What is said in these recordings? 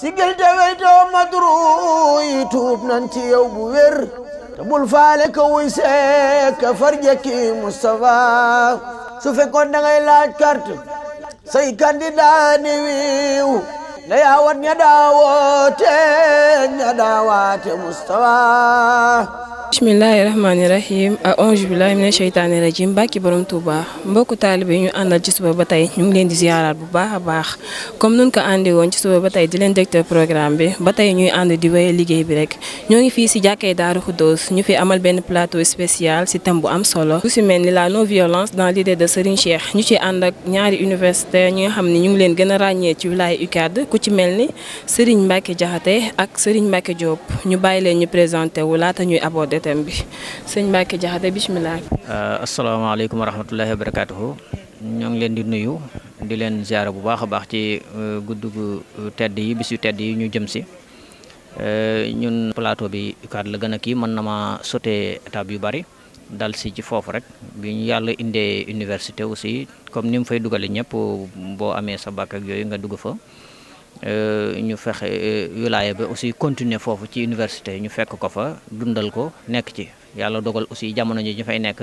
sigil te weytoo madru yi tuub nan ci bu wér te bul faale ka wuy seek ka farjekki Moustapha su fekkoon da ngay laaj carte say candidat ni wiiw na yaawat ña daawoote ña daawaate Moustapha bismillahi rahmaani rahim ak ange billahi mina sheytaani rajim bàkki borom Touba mbokku taalibe yi ñu àndal ci suba ba tey ñu ngi leen di ziaraat bu baax a baax comme nun ko àndi woon ci suba ba tey di leen directeur programme bi ba tey ñuy ànd di wéye liggéey bi rek ñoo ngi fii si jàkkee Daaru Xuddoos ñu fi amal benn plateau spécial si thème bu am solo bu si mel ni la non violence dans l'idée de Serigne Cheikh ñu ci ànd ak ñaari université ñi nga xam ne ñu ngi leen gën a ràññee ci wilaya UCAD ku ci mel ni Serigne Mbacke Diakhaté ak Serigne Mbacke Diop ñu bàyyi leen ñu présenté wu laata ñuy aborder wooteem bi sëñ Mbacke Diakhaté bisimilah. Euh, asalaamaaleykum wa rahmatullahi wa barakaatuhu ñoo ngi leen di nuyu di leen ziara bu baax a baax ci euh, guddugu euh, tedd yi bis yu tedd yi ñu jëm si ñun plateau bi UCAD la gën a kii mën na ma sauté étape yu bari dal si ci foofu rek bi ñu yàlla indee université aussi comme ni mu fay dugalee ñëpp boo amee sa bac ak yooyu nga dugg fa. Euh, ñu fexe euh, wilaaya ba aussi continuer foofu ci université ñu fekk ko fa dundal ko nekk ci yàlla dogal aussi jamono ji ñu fay nekk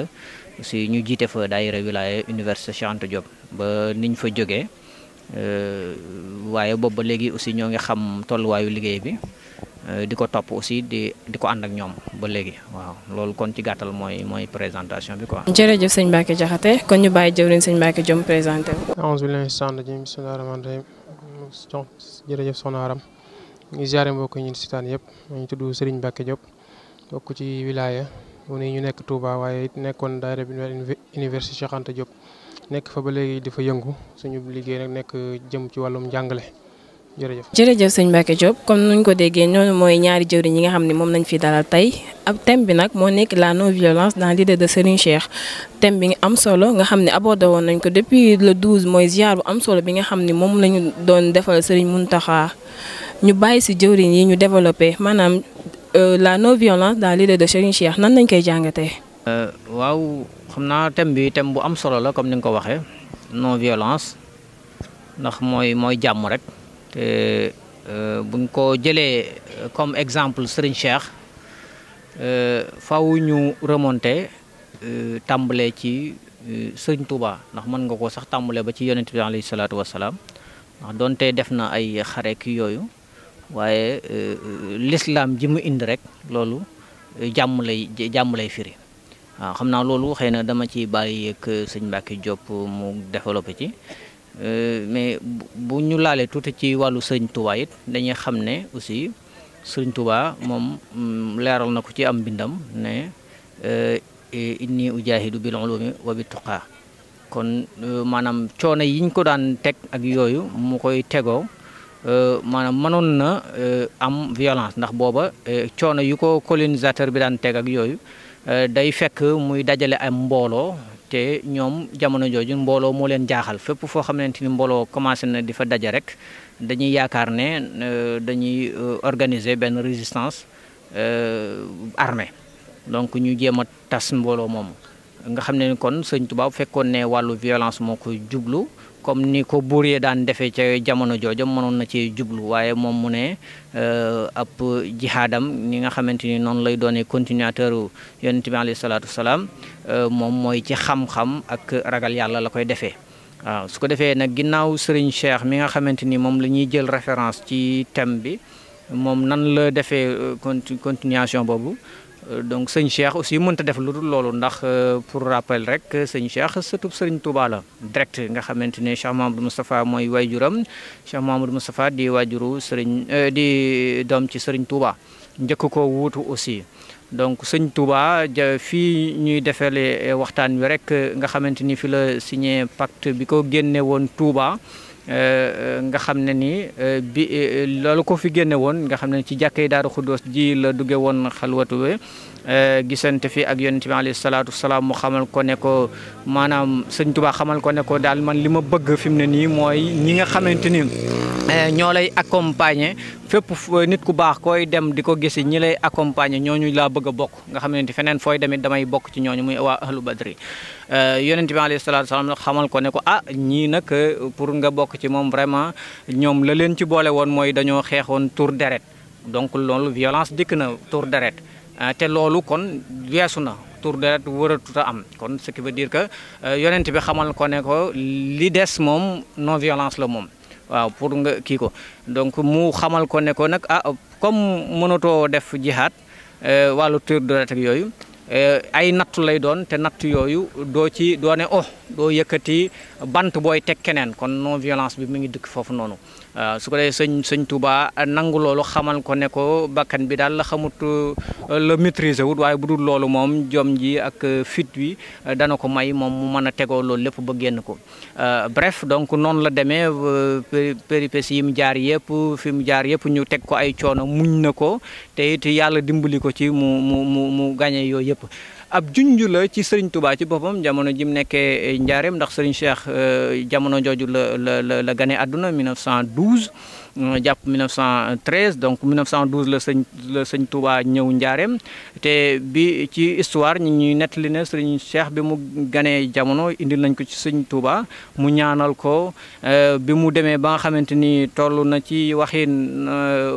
aussi ñu jiite fa daayira wilaaya université Cheikh Anta Diop ba niñ fa jógee euh, waaye boobu ba léegi aussi ñoo ngi xam tolluwaayu liggéey bi di ko topp aussi di di ko ànd ak ñoom ba léegi waaw loolu kon ci gàttal mooy mooy présentation bi quoi. jërëjëf sëñ Mbacke Diakhaté kon ñu bàyyi jëwriñ sëñ Mbacke Diom présenté wu. jërëjëf soxna Aram ngi ziare mbokk ñun sitaan yëpp ñu tudd Serigne Mbacke Diop bokk ci wilaya mu ne ñu nekk Touba waaye it nekkoon daayira bi université Cheikh Anta nekk fa ba léegi di fa yëngu suñu liggéey nag nekk jëm ci wàllum njàngale jërëjëf jërëjëf sëñ Mbacke Diop comme nuñ ko déggee ñoonu mooy ñaari jëwriñ yi nga xam ni moom nañ fi dalal tey ab thème bi nag moo nekk la non violence dans l'idée de Serigne Cheikh thème bi nga am solo nga xam ne abordé woon nañ ko depuis le 12 mooy ziar am solo bi nga xam ne moom lañu doon defal Serigne Mountakha ñu bàyyi si jëwriñ yi ñu développé maanaam euh, la non violence dans l'idée de Serigne nan lañ koy jàngatee. Euh, waaw xam naa thème bi thème bu am solo la comme ni nga ko waxee non violence ndax mooy mooy jàmm rek. te euh, buñ ko jëlee euh, comme exemple Serigne Cheikh euh, faw ñu remonter tàmbalee ci Serigne Touba ndax mën nga koo sax tàmbalee ba ci yonent bi alayhi salaatu wasalaam ndax doonte def na ay xare ki yooyu waaye lislaam ji mu indi rek loolu jàmm lay jàmm lay firi waaw xam naa loolu xëy na dama ci bàyyi ak sëñ Mbacke Diop mu développé ci Euh, mais bu ñu laalee tuuti ci wàllu sëriñ Touba it dañuy xam ne aussi sëriñ Touba moom mm, leeral na ko ci am bindam ne euh, inni ujaahidu bil ulumi wa bi tuqaa kon euh, maanaam coono yiñ ko daan teg ak yooyu mu koy tegoo maanaam mënoon na am violence ndax booba coono yu ko colonisateur bi daan teg ak yooyu day fekk muy dajale am mbooloo te ñoom jamono jooju mbooloo moo leen jaaxal fépp foo xamante ni mbooloo commencé na di fa daje rek dañuy yaakaar ne euh, dañuy euh, organiser benn résistance euh, armée donc ñu jéem a tas mbooloo moomu nga xam ne ni kon sëñ Tuubaa fekkoon ne wàllu violence moo ko jublu comme ni ko buur yee daan defee ca jamono jooja mënoon na cee jublu waaye moom mu ne euh, ab jihaadam ñi nga xamante ni noonu lay doone continuateur yonent bi alayhi salaatu wasalaam euh, moom mooy ci xam-xam ak ragal yàlla la koy defee waaw su ko defee nag ginnaaw Serigne Cheikh mi nga xamante ni moom la ñuy jël référence ci thème bi moom nan la defee euh, continuation boobu Eh, donc Seigne Cheikh aussi mën ta def lu dul loolu ndax eh, pour rappel rek eh, Seigne Cheikh setub Seigne Touba la direct nga xamante ne Cheikh Mamadou Mustapha mooy wayjuram Cheikh Mamadou Mustapha di wayjuru Seigne euh, di dom ci Seigne Touba njëkk koo wuutu aussi donc Seigne Touba ja, fii ñuy defale waxtaan wi rek nga xamante ni fi la signé pacte bi ko génne woon Touba Euh, euh, nga xam ne nii euh, bi loolu ko fi génne woon nga xam ne ci jàkkee daaru xuddoos ji la dugge woon xalwatu we gisante fi ak yonent bi alayhi salaatu salaam mu xamal ko ne ko maanaam sëñ tubaa xamal ko ne ko daal man li ma bëgg fi mu ne nii mooy ñi nga xamante ni ñoo lay accompagner fépp eh, nit ku baax koy dem di ko gisi ñi lay accompagner ñooñu laa bëgg a bokk nga xam ne feneen fooy demit damay bokk ci ñooñu muy waa ahlu badri eh, yonent bi alayhi salaatu salaam xamal ko ne ko ah ñii nag eh, pour nga bokk ci moom vraiment ñoom la leen ci boole woon mooy dañoo xeexoon tour deret donc loolu violence dikk na tour deret te loolu kon weesu na tour deret wëratut a am kon ce qui veut dire que yonent bi xamal ko ne ko li des moom non violence la moom waaw pour nga kii ko donc mu xamal ko ne ko nag ah comme mënatoo def jihaad euh, wàllu tur ak yooyu euh, ay nattu lay doon te nattu yooyu doo ci doo ne oh doo yëkkati. bant booy teg keneen kon non violence bi mu ngi dëkk foofu noonu euh, su ko dee sëñ sëñ Touba nangu loolu xamal ko ne ko bakkan bi daal la xamut euh, la maîtriser wut waaye bu dul loolu moom jom ji ak euh, fit wi dana ko may moom mu mën a tegoo loolu lépp ba génn ko bref donc noonu la demee péripéties yi mu jaar yëpp fi mu jaar yëpp ñu teg ko ay coono muñ na ko te it yàlla dimbali ko ci mu mu mu mu gagné yooyu yëpp ab junj la ci Serigne Touba ci boppam jamono ji mu nekkee njaareem ndax Serigne Cheikh euh, jamono jooju la la la la gane àdduna 1912. Euh, jàpp 1913 donc 1912 la sëñ la sëñ Touba ñëw njaareem te bi ci histoire ñu ñuy nettali ne sëñ Cheikh bi mu ganee jamono indil nañ ko ci sëñ Touba mu ñaanal ko euh, bi mu demee ba nga xamante ni toll na ci waxin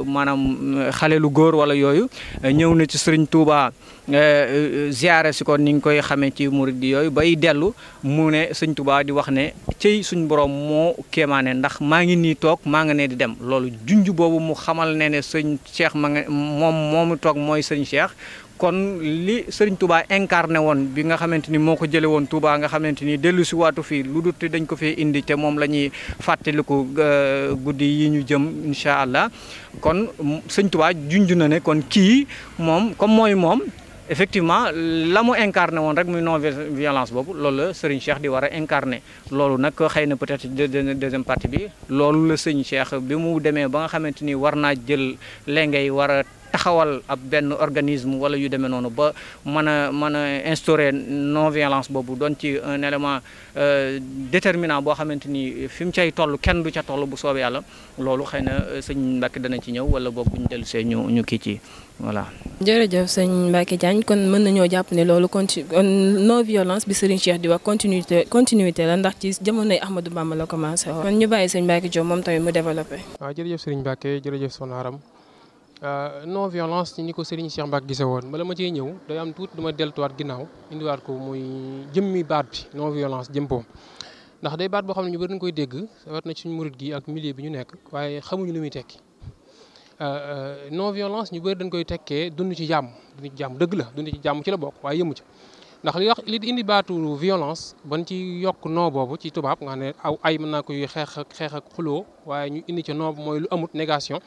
maanaam xale lu góor wala yooyu ñëw na ci sëñ Touba. Eh, eh, ziare si ko ni nga koy xamee ci murid gi yooyu bay dellu mu ne sëñ tubaa di wax ne cey suñ borom moo kéemaane ndax maa ngi nii toog maa nga ne di dem loolu junj boobu mu xamal ne ne sëñ Cheikh ma nga moom moomu toog mooy sëñ Cheikh. kon li Serigne Touba incarné woon bi nga xamante ni moo ko jëlee woon tubaa nga xamante ni dellu si waatu fii lu dut dañ ko fee indi te moom la ñuy fàttaliku eh, guddi yi ñu jëm incha allah kon mm, Serigne Touba junj na ne kon kii moom comme mooy moom. effectivement la mu incarné woon rek muy non violence boobu loolu la Serigne Cheikh di war a incarné loolu nag xëy na peut-être deuxième partie bi loolu la Serigne Cheikh bi mu demee ba nga xamante ni war naa jël lengay war taxawal ab benn organisme wala yu demee noonu ba mën a mën a instaurer non violence boobu doon ci un élément euh, déterminant boo xamante ni fi mu cay toll kenn du ca toll bu soobee yàlla loolu xëy na euh, sëñ Mbacke dana ci ñëw wala boog bu ñu dellu see ñu ñu kii ci voilà. jërëjëf sëñ Mbacke Diagne kon mën nañoo jàpp ni loolu conti non violence bi Serigne Cheikh di wax continuité continuité la ndax ci jamonoy Ahmadou Bamba a commencé woon. kon ñu bàyyi sëñ Mbacke Diop moom tamit mu développé. waaw jërëjëf Serigne Mbacke Sonaram. Euh, non violence ni ko Serigne Cheikh mbak gise woon bala ma cee ñew day am tout duma deltu wat deltuwaat indi wat ko muy jëmmi baat bi non violence jëm boobu ndax day baat bo xamni ñu bëri nañu koy dégg sawat na ci suñu mourid gi ak milieu bi ñu nekk waye xamuñu lu muy tekki euh, euh, non violence ñu bëri dañ koy tekkee dund ci jamm dund ci jamm deug la dund ci jamm ci la bokk waye yëmu ci ndax li wax li indi baatu violence ban ci yok no bobu ci tubab nga ne ay mëna ko koy xeex ak xulo waye ñu indi ci no moy lu amut négation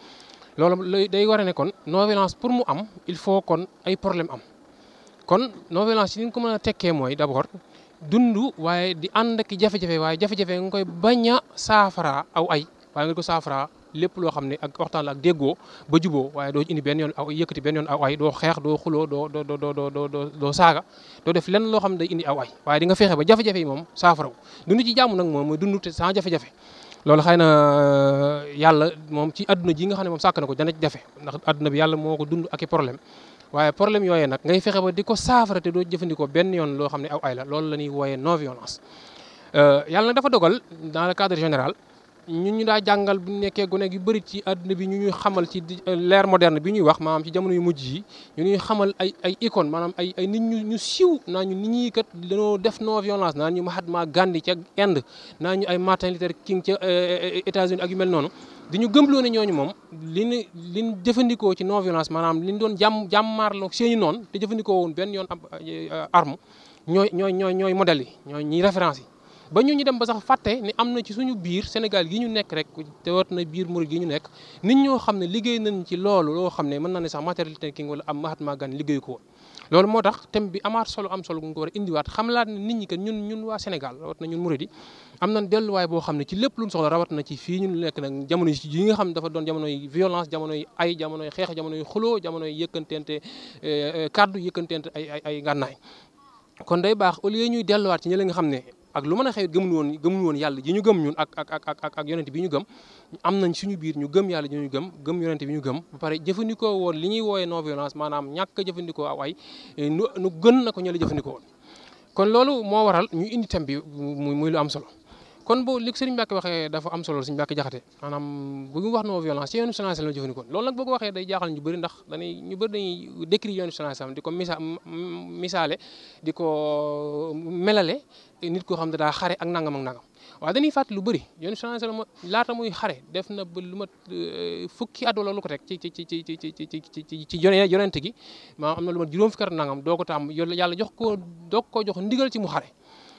loolu day war a ne kon non violence pour mu am il faut kon ay problème am kon non violence yi ni ko mën a tekkee mooy d'abord dundu waaye di ànd ak jafe-jafe waaye jafe nga koy bañ a saafara aw ay waaye nga ko saafara lépp loo xam ne ak waxtaan la ak ba juboo waaye doo indi benn yoon aw yëkkati benn yoon aw ay doo xeex doo xuloo doo doo doo doo doo doo saaga doo def len loo xam ne day indi aw ay waaye dinga nga fexe ba jafe-jafe yi moom u dund ci jàmm nag moom mooy dund te sans jafe-jafe loolu xëy na euh, yàlla moom ci adduna ji nga xam ne moom sàkk na ko dana jafe ndax adduna bi yàlla moo ko dund ak i problème waaye problème yooyee nag ngay fexe ba di ko saafara te doo jëfandikoo benn yoon loo xam ne aw ay la loolu la ñuy wooyee non violence euh, yàlla nag dafa dogal dans cadre général ñun ñu daa jàngal bu nekkee gone gi bëri ci àdduna bi ñu ñuy xamal ci euh, l'ère moderne bi ñuy wax maam ci jamono yu mujj yi ñu ñuy xamal ay ay icône maanaam ay ay nit ñu ñu siiw naa ñu nit ñi kat dañoo def non violence naa ñu Mahatma Gandhi ca Inde naa ñu ay Martin Luther King ca euh, euh, États-Unis ak yu mel noonu di ñu gëmloo ne ñooñu moom li ñu li ñu jëfandikoo ci non violence maanaam li ñu doon jàmm jàmmaarloo seeni noonu te jëfandikoo woon benn yoon arme ñooy ñooy ñooy ñooy modèle yi ñooy ñi référence yi ba ñu ñu dem ba sax fàtte ni am na ci suñu biir Sénégal gi ñu nekk rek te wat na biir murid gi ñu nekk nit ñoo xam ne liggéey nañ ci loolu loo xam ne mën naa ne sax Martin Luther wala am Mahatma Gandhi liggéey ko woon loolu moo tax thème bi amaat solo am solo gu ko war a indiwaat xamlaat ne nit ñi kat ñun ñun waa Sénégal rawat na ñun murid am nañ delluwaay boo xam ne ci lépp luñ soxla rawat na ci fii ñun nekk nag jamono yi nga xam dafa doon jamono yi violence jamono ay jamono yi xeex jamono yi xuloo jamono yi yëkkantente eh, eh, kàddu yëkkantente ay ay ay ngànnaay kon dey baax au lieu ñuy delluwaat ci ñi nga xam ne ak lu mën a xewit gëmul woon gëmul woon yàlla ji ñu gëm ñun ak ak ak ak ak bi ñu gëm am nañ suñu biir ñu gëm yàlla ji ñu gëm gëm yonente bi ñu gëm ba pare jëfandikoo woon li ñuy wooyee non violence maanaam ñàkk jëfandikoo aw ay eh, nu gën na ko ñële jëfandikoo woon kon loolu moo waral ñu indi thème bi muy lu am solo kon boo li sëriñ Mbacke waxee dafa am solo sëriñ Mbacke jaxate maanaam bu wax non violence ci yoonu silence la jëfandikoon loolu nag boo ko waxee day jaaxal ñu bëri ndax dañuy ñu bëri dañuy décrit yoonu silence am di ko misa misaale di ko melale nit koo xam ne daa xare ak nangam ak nangam waaw dañuy fàttali lu bëri yoonu silence la laata muy xare def na ba lu mat euh, fukki at wala ko teg ci ci ci ci ci ci ci ci ci yonent gi maanaam am na lu mat juróom fukki at nangam doo ko tàmm yàlla jox ko doog ko jox ndigal ci mu xare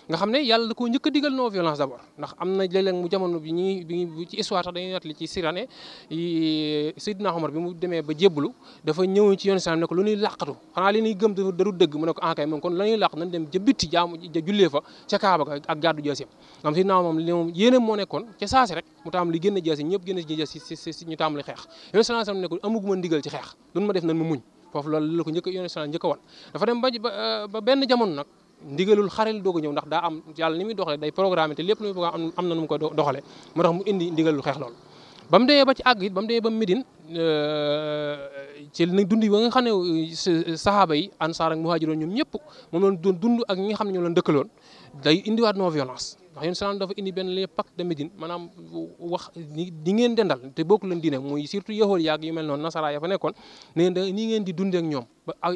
nga xam ne yàlla da koo digal non violence d'abord ndax am na léeg-léeg mu jamono bi ñuy histoire tax dañuy nettali ba jébbalu dafa ñëw ci yoon islam ne ko lu ñuy làqatu xanaa li ñuy gëm dafa daru dëgg ah, dem ja ja jullee fa ca kaaba ga ak gàddu jaasim am Seydina moom yéene moo nekkoon ca saasi rek mu taam li génn jaasi ñëpp génn jaasi si ñu taam li xeex yoon islam ne ko amuguma ndigal dafa dem ba benn jamono nag ndigalul xarel doog ñëw ndax daa am yàlla ni muy doxale day programme te lépp lu muy bëgg am am na nu mu koy doxale moo tax mu indi ndigalul xeex loolu ba mu demee ba euh, dund yi ba nga xam ne saxaaba yi ansaar ak muhaajiroon ñoom ñëpp moom loon dund ak ñi nga xam ne ñoo leen dëkkaloon day indiwaat non violence ndax yoon salaam dafa indi benn les pacte de Médine maanaam wax ni ngeen dendal te bokk leen diine muy surtout yahood yaag yu mel noonu nasara a fa nekkoon ne ni ngeen di dundee ak ñoom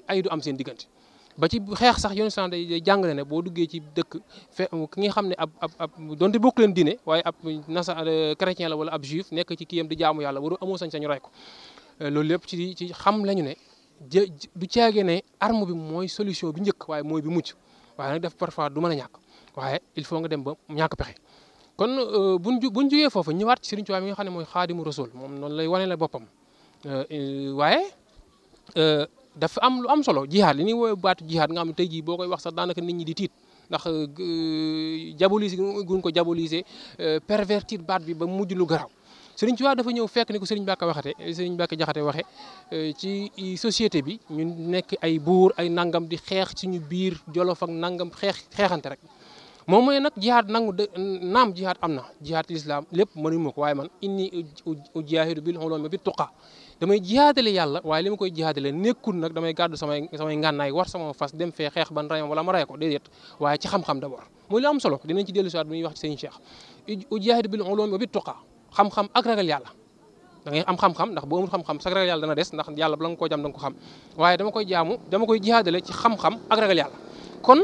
ay du am seen diggante ba ci xeex sax yoonu islam day jàngale ne boo duggee ci dëkk fe ki nga xam ne ab ab ab donte bokk leen diine waaye ab nasa euh, chrétien la wala ab juif nekk ci kiyam di jaamu yàlla waru amoo sañ-sañu rey ko euh, loolu lépp ci ci xam lañu ne du caagee ne arme bi mooy solution bi njëkk waaye mooy bi mucc waaye nag def parfois du mën a ñàkk waaye il faut nga dem ba ñàkk pexe kon euh, buñ ju buñ jugee foofu ñëwaat ci Sëriñ Tuubaa mi nga xam ne mooy xaadimu rasul moom noonu lay wane la boppam waaye dafa am lu am solo jihaad li ñuy woowee baatu jihaad nga xam ne tey jii boo koy wax sax daanaka nit ñi di tiit ndax jabolise euh, guñ ko jabolise euh, pervertir baat bi ba mujj lu garaw Sëriñ Tuubaa dafa ñëw fekk ni ko Sëriñ Mbàkke waxate Sëriñ Mbàkke Jaxate waxe euh, ci société bi ñu nekk ay buur ay nangam di xeex ñu biir jolof ak nangam xeex xeexante rek moom mooy nag jihaad nangu de naam jihaad am na jihaad lislaam lépp mënuñu ma ko waaye man inni ujaahidu bil ulumi bi tuqa damay jihaadale yàlla waaye li ma koy jihaadale nekkul nag damay gàddu samay ngànnaay war sama fas dem fee xeex ban rayam ma ray ko déedéet waaye ci xam-xam d'abord muy lu am solo dinañ ci dellu si waat wax ci sëñ Cheikh ujaahid bil ulum wa bit ngay am xam-xam ndax boo amul xam-xam sax ragal yàlla dana des ndax yàlla bala nga koo jaam da nga ko xam waaye dama koy jaamu dama koy jihaadale ci xam-xam ak ragal yàlla kon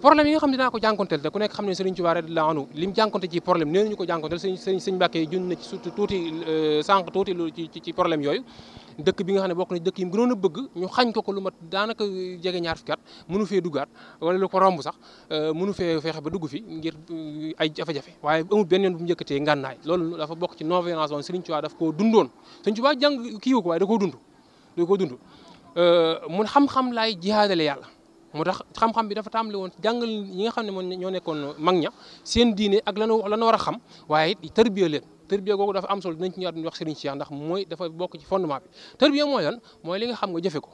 problème yi nga xam ne dinaa ko jànkonteel te ku nekk xam ne Serigne Touba radiyallahu anhu li mu jànkonte ci problème nee nañu ko jànkonteel sëñ sëñ Mbàkke jun na ci surtout tuuti euh, dëkk bi nga xam ne bokk na dëkk yi mu gënoon a bëgg ko lu mat daanaka jege ñaar fukki at mënu fee wala lu ko romb sax euh, mënu fee fexe ba dugg fi ngir euh, ay jafe waaye amul benn bu mu njëkkatee ngànnaay loolu dafa bokk ci non-violence woon Serigne Touba daf koo dundoon Serigne Touba jàng kii ko waaye da ko dund da koo dund mun xam-xam laay jihaadale yàlla moo tax xam-xam bi dafa taam tàmbali woon jàngal ñi nga xam ne moom ñoo nekkoon mag ña seen diine ak lanu lanu war a xam waaye it tërbiya leen tërbiya googu dafa am solo dinañ ci ñëwaat ñu wax Serigne Cheikh mooy dafa bokk ci fondement bi tërbiya mooy lan mooy li nga xam nga jëfe ko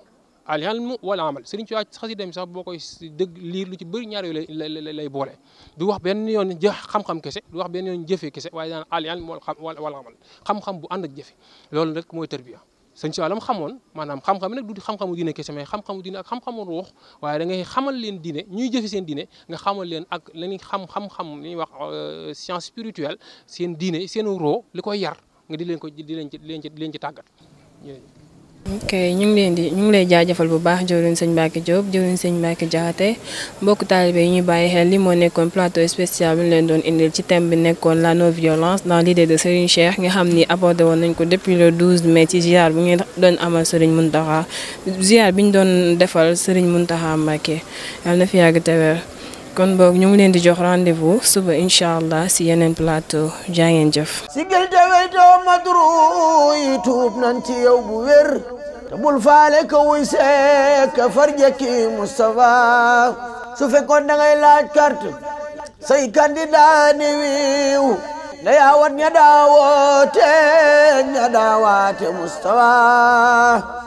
al ilmu wal amal Serigne Cheikh xasida mi sax boo koy dëgg liir lu ci bëri ñaar yooyu lay lay boole du wax benn yoon jë xam kese wax benn yoon jëfe kese waaye daan al ilmu wal amal xam-xam bu ànd ak jëfe loolu rek mooy tërbiya sëñ Tuubaa la mu xamoon maanaam xam-xam nag du xam-xamu diine kese mais xam-xamu diine ak xam-xamu ruux waaye da ngay xamal leen diine ñuy jëfe seen diine nga xamal leen ak la ñuy xam xam-xam li ñuy wax euh, science spirituelle seen diine seen ruux li koy yar nga di leen ko di leen leen ci di leen ci tàggat ok ñu ngi leen di ñu ngi lay jaajëfal bu baax jëwriñ sëñ Mbacke Diop jëwriñ sëñ Mbacke ñu bàyyi xel li moo nekkoon plateau spécial bi ñu leen doon indil ci thème bi nekkoon la non violence dans l'idée de Serigne Cheikh nga xam ni abordé nañ ko depuis le 12 mai ci ziar bu doon amal Serigne Mountakha ziar bi ñu doon defal Serigne Mountakha Mbacke yàlla na fi yàgg te kon boog ñu ngi leen di jox rendez-vous suba incha allah si yeneen plateau jaa ngeen jëf. te bul faale ka wuy see ka farje ki Moustapha su fekkoon da ngay laaj carte say candidat na yaa wat ña daawoote ña daawaate Moustapha